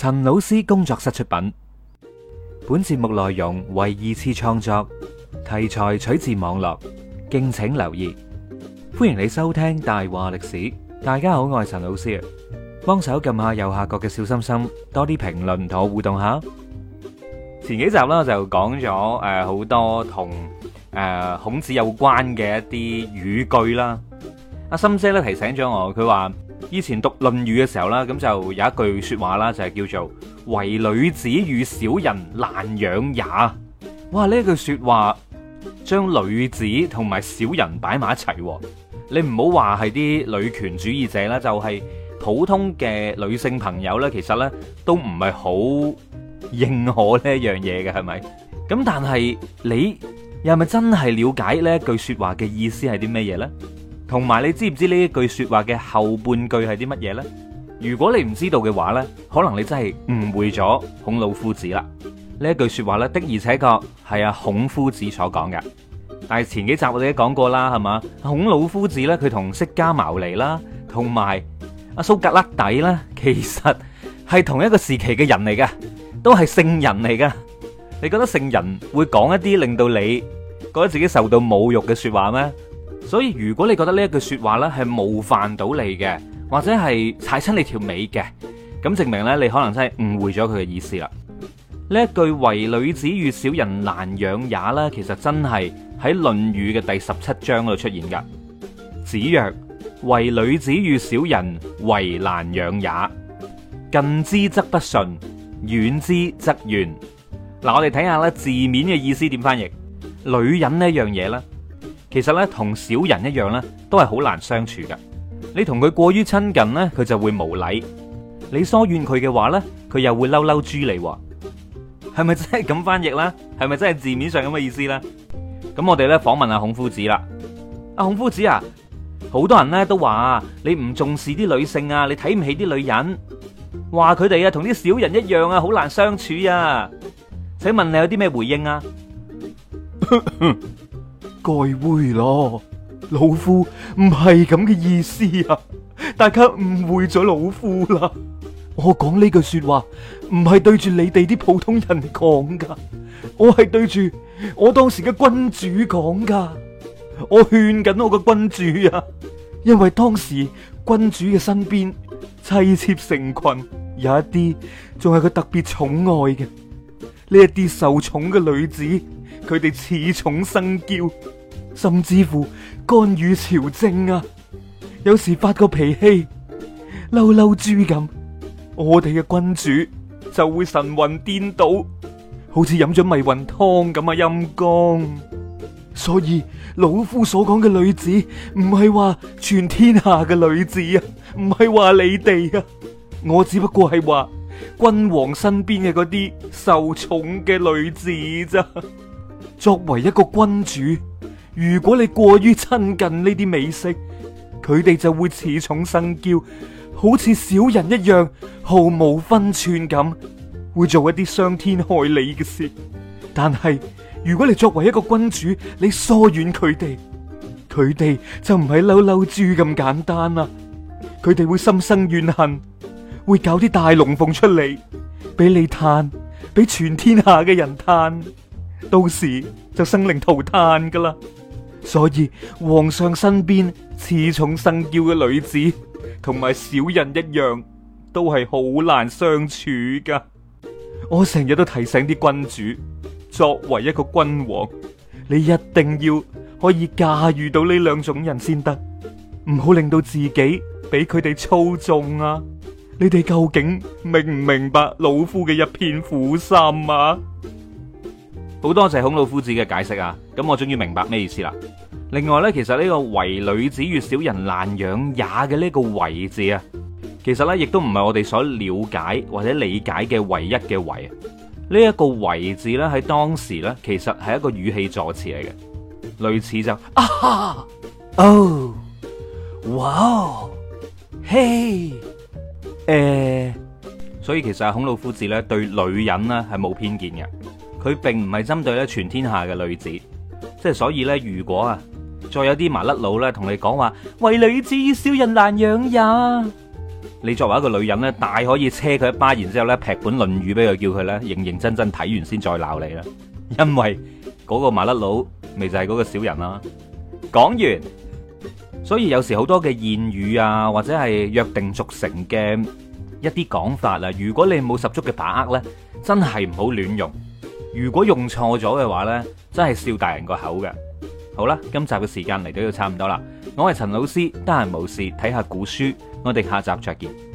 陳老師工作室出品，本節目內容為二次創作，題材取自網絡，敬請留意。歡迎你收聽《大話歷史》，大家好，我係陳老師啊，幫手撳下右下角嘅小心心，多啲評論同我互動下。前幾集啦，就講咗誒好多同誒孔子有關嘅一啲語句啦。阿心姐咧提醒咗我，佢話。以前讀《論語》嘅時候啦，咁就有一句説話啦，就係叫做唯女子與小人難養也。哇！呢句説話將女子同埋小人擺埋一齊，你唔好話係啲女權主義者啦，就係普通嘅女性朋友啦，其實呢都唔係好認可呢樣嘢嘅，係咪？咁但係你又係咪真係了解呢句説話嘅意思係啲咩嘢呢？同埋，你知唔知呢一句說話嘅後半句係啲乜嘢呢？如果你唔知道嘅話呢，可能你真係誤會咗孔老夫子啦。呢一句說話呢的而且確係阿孔夫子所講嘅。但係前幾集我哋都講過啦，係嘛？孔老夫子呢，佢同釋迦牟尼啦，同埋阿蘇格拉底咧，其實係同一個時期嘅人嚟嘅，都係聖人嚟嘅。你覺得聖人會講一啲令到你覺得自己受到侮辱嘅說話咩？所以如果你覺得呢一句說話咧，係冒犯到你嘅，或者係踩親你條尾嘅，咁證明呢，你可能真係誤會咗佢嘅意思啦。呢一句“唯女子與小人難養也”呢，其實真係喺《論語》嘅第十七章度出現噶。子曰：“唯女子與小人為難養也，近之則不遜，遠之則怨。”嗱，我哋睇下呢字面嘅意思點翻譯。女人呢一樣嘢呢。其實咧，同小人一樣咧，都係好難相處噶。你同佢過於親近咧，佢就會無禮；你疏遠佢嘅話咧，佢又會嬲嬲豬你。係咪真係咁翻譯咧？係咪真係字面上咁嘅意思咧？咁我哋咧訪問阿孔夫子啦。阿孔夫子啊，好多人咧都話啊，你唔重視啲女性啊，你睇唔起啲女人，話佢哋啊同啲小人一樣啊，好難相處啊。請問你有啲咩回應啊？ 誤會咯，老夫唔係咁嘅意思啊！大家誤會咗老夫啦。我講呢句說話唔係對住你哋啲普通人講噶，我係對住我當時嘅君主講噶。我勸緊我嘅君主啊，因為當時君主嘅身邊妻妾成群，有一啲仲係佢特別寵愛嘅呢一啲受寵嘅女子。佢哋恃寵生驕，甚至乎干預朝政啊！有時發個脾氣，嬲嬲豬咁，我哋嘅君主就會神魂顛倒，好似飲咗迷魂湯咁啊！陰公，所以老夫所講嘅女子，唔係話全天下嘅女子啊，唔係話你哋啊，我只不過係話君王身邊嘅嗰啲受寵嘅女子咋。作為一個君主，如果你過於親近呢啲美色，佢哋就會恃寵生驕，好似小人一樣，毫無分寸咁，會做一啲傷天害理嘅事。但係如果你作為一個君主，你疏遠佢哋，佢哋就唔係嬲嬲豬咁簡單啦，啊，佢哋會心生怨恨，會搞啲大龍鳳出嚟，俾你嘆，俾全天下嘅人嘆。.到時就生靈塗炭噶啦，所以皇上身邊恃寵生驕嘅女子同埋小人一樣，都係好難相處噶。我成日都提醒啲君主，作為一個君王，你一定要可以駕馭到呢兩種人先得，唔好令到自己俾佢哋操縱啊！你哋究竟明唔明白老夫嘅一片苦心啊？好多謝孔老夫子嘅解釋啊，咁我終於明白咩意思啦。另外呢，其實呢個唯女子與小人難養也嘅呢個唯字啊，其實呢亦都唔係我哋所了解或者理解嘅唯一嘅唯。呢一個唯字呢，喺當時呢，其實係一個語氣助詞嚟嘅，類似就啊哦哇嘿誒，所以其實孔老夫子呢，對女人呢，係冇偏見嘅。佢並唔係針對咧，全天下嘅女子，即係所以呢。如果啊，再有啲麻甩佬呢，同你講話為女子小人難養也，你作為一個女人呢，大可以車佢一巴，然之後咧，劈本《論語》俾佢，叫佢咧，認認真真睇完先再鬧你啦。因為嗰個麻甩佬，咪就係嗰個小人啦。講完，所以有時好多嘅諺語啊，或者係約定俗成嘅一啲講法啦，如果你冇十足嘅把握呢，真係唔好亂用。如果用錯咗嘅話呢，真係笑大人個口嘅。好啦，今集嘅時間嚟到就差唔多啦。我係陳老師，得閒無事睇下古書，我哋下集再見。